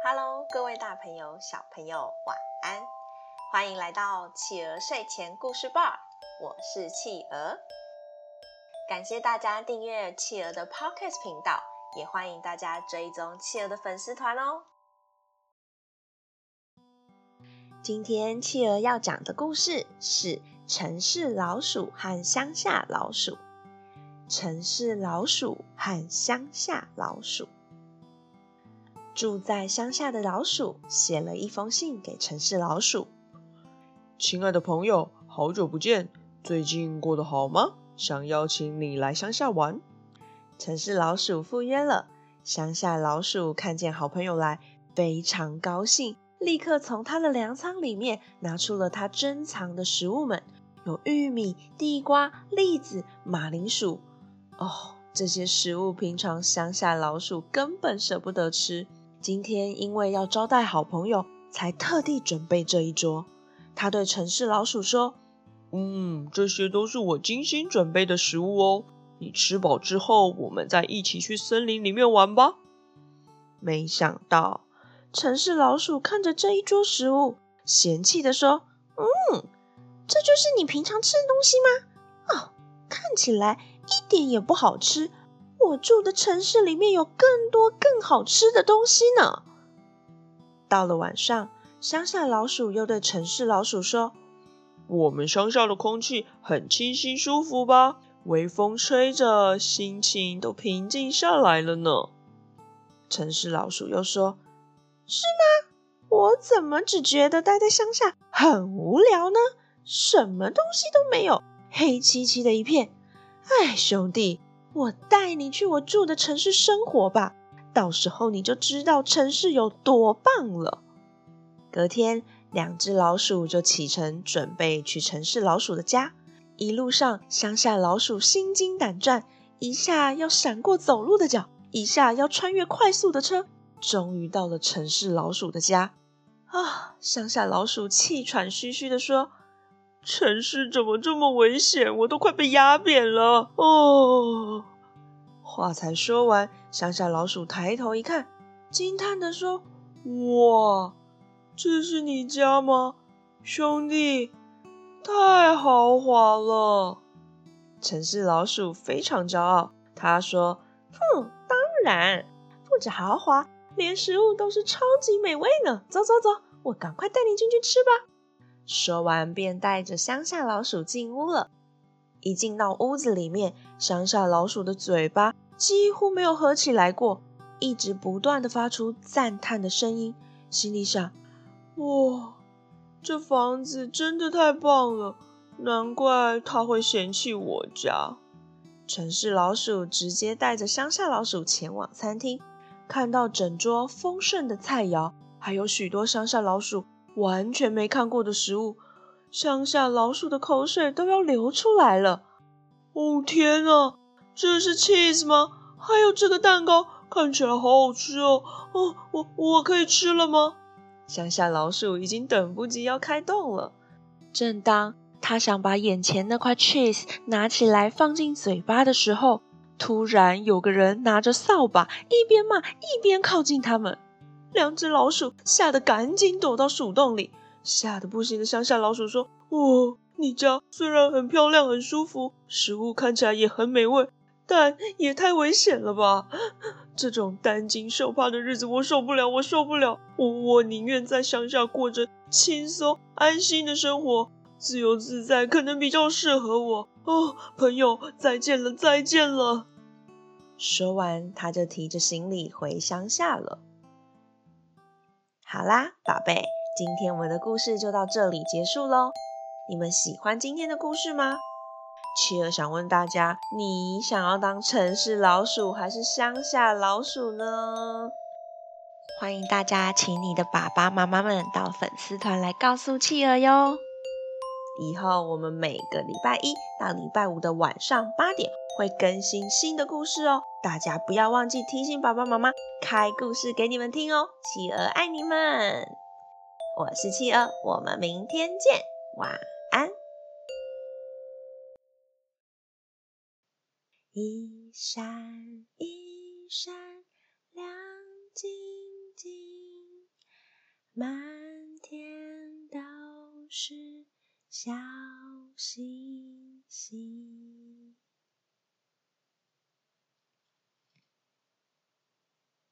Hello，各位大朋友、小朋友，晚安！歡迎來到企鵝睡前故事吧，我是企鵝。感謝大家訂閱企鵝的 Podcast 頻道，也歡迎大家追蹤企鵝的粉絲團哦。今天企鵝要講的故事是城市老鼠和鄉下老鼠《城市老鼠和鄉下老鼠》，城市老鼠和鄉下老鼠。住在鄉下的老鼠寫了一封信給城市老鼠：“親愛的朋友，好久不見，最近過得好嗎？想邀請你來鄉下玩。”城市老鼠赴約了，鄉下老鼠看見好朋友來，非常高興，立刻從他的糧倉裡面拿出了他珍藏的食物們，有玉米、地瓜、栗子、馬鈴薯。哦，這些食物平常鄉下老鼠根本捨不得吃。今天因為要招待好朋友，才特地準備這一桌。他對城市老鼠說：“嗯，這些都是我精心準備的食物哦。你吃飽之後，我們再一起去森林裡面玩吧。”沒想到，城市老鼠看着這一桌食物，嫌棄地說：“嗯，這就是你平常吃的東西嗎？哦，看起來一點也不好吃。”我住的城市裡面有更多更好吃的東西呢。到了晚上，鄉下老鼠又對城市老鼠說：“我們鄉下的空氣很清新舒服吧？微風吹着，心情都平靜下來了呢。”城市老鼠又說：“是嗎？我怎麼只覺得待在鄉下很無聊呢？什麼東西都沒有，黑漆漆的一片。唉，兄弟。”我帶你去我住的城市生活吧，到時候你就知道城市有多棒了。隔天，兩隻老鼠就啟程，準備去城市老鼠的家。一路上，鄉下老鼠心驚膽戰，一下要閃過走路的腳，一下要穿越快速的車。終於到了城市老鼠的家，啊！鄉下老鼠氣喘吁吁地說。城市怎麼這麼危險？我都快被壓扁了！哦，話才說完，鄉下老鼠抬頭一看，驚歎地說：“哇，這是你家嗎，兄弟？太豪華了！”城市老鼠非常驕傲，他說：“哼，當然，不止豪華，連食物都是超級美味呢。走走走，我趕快帶你進去吃吧。”說完，便帶着鄉下老鼠進屋了。一進到屋子裡面，鄉下老鼠的嘴巴幾乎沒有合起來過，一直不斷的發出讚嘆的聲音，心裡想：“哇，這房子真的太棒了，難怪它會嫌棄我家。”城市老鼠直接帶着鄉下老鼠前往餐廳，看到整桌豐盛的菜餚，還有許多鄉下老鼠，完全沒看過的食物，鄉下老鼠的口水都要流出來了。哦，天吶，這是 cheese 嗎？還有這個蛋糕看起來好好吃哦。哦，我我可以吃了嗎？鄉下老鼠已經等不及要開動了。正當他想把眼前那塊 cheese 拿起來放進嘴巴的時候，突然有個人拿着掃把，一邊罵一邊靠近他們。兩隻老鼠嚇得趕緊躲到鼠洞裡。嚇得不行的鄉下老鼠說：“哇，哦，你家雖然很漂亮、很舒服，食物看起來也很美味，但也太危險了吧？這種擔驚受怕的日子我受不了，我受不了！我，哦，我寧願在鄉下過着輕鬆安心的生活，自由自在，可能比較適合我。哦，朋友，再見了，再見了！”說完，他就提着行李回鄉下了。好啦，寶貝，今天我們的故事就到這裡結束嘍。你們喜歡今天的故事嗎？企鵝想問大家，你想要當城市老鼠還是鄉下老鼠呢？歡迎大家，請你的爸爸媽媽們到粉絲團來告訴企鵝喲。以後我們每個禮拜一到禮拜五的晚上八點。會更新新的故事哦，大家不要忘記提醒爸爸媽媽開故事給你們聽哦。企鵝愛你們，我是企鵝，我們明天見，晚安。一閃一閃亮晶晶，滿天都是小星星。